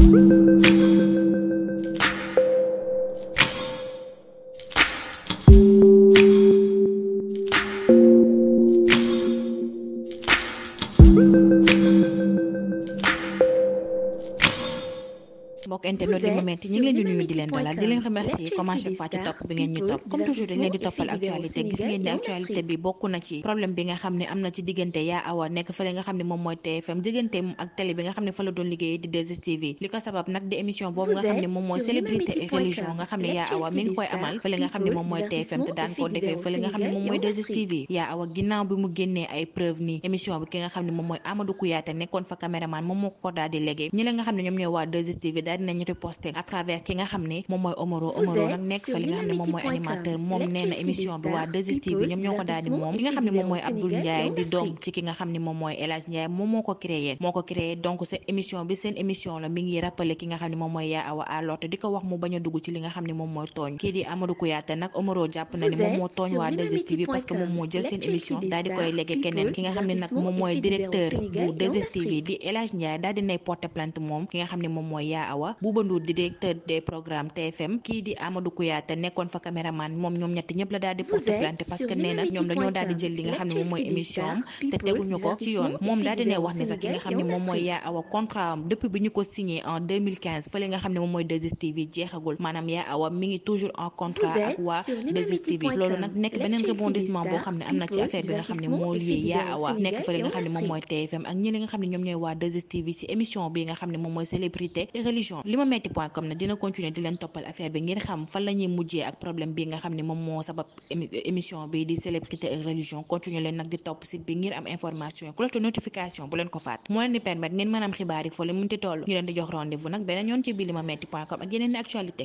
Música mbokk nga xam ne moom mooy TFM nga xam ne moom mooy célébrité nga xam ne moom mooy TFM Yaa Awa ginnaaw bi mu génnee ay preuve nii émission bi ki nga xam ne moom mooy Amadou Kouyaté nekkoon fa caméraman moom moo ko ko di légué ñi la nga xam ne ñoom ñooy waa 2STV daal nañ riposté à ki nga xam ne moom mooy animateur moom nee émission bi waa 2STV ñoom ñoo ko daal di moom ki nga xam ne moom mooy directeur bu 2STV di El Hadj Ndiaye di nay porter plainte moom ki nga xam ne moom mooy Yaa Awa Bouba Ndour di directeur des programmes TFM kii di Amadou Kouyaté nekkoon fa caméraman moom ñoom ñett ñëpp la daal di porte plainte parce que nee na ñoom dañoo daal di jël li nga xam ne moom mooy moom daal di ne wax ne sax yaa awa contrat am depuis bi ñu ko signé en fële nga xam ne moom mooy 2STV jeexagul maanaam yaa awa mi ngi toujours en contrat ak waa 2 loolu nag nekk beneen rebondissement boo xam ne am na ci affaire bi nga xam ne moo yaa awa nekk fële nga xam ne mooy TFM ak loxo limametti point com ne dina continuer di leen toppal affaire bi ngir xam fan la mujjee ak problème bi nga xam ne moom moo sabab émission bi di célébrité religion continuer leen nag di topp site bi ngir am information cloche de notification bu leen ko fàtte moo leen di permettre ngeen mën am xibaar yi foo leen mënti toll ñu leen di jox rendez nag beneen yoon ci bi limametti point com ak yeneen actualité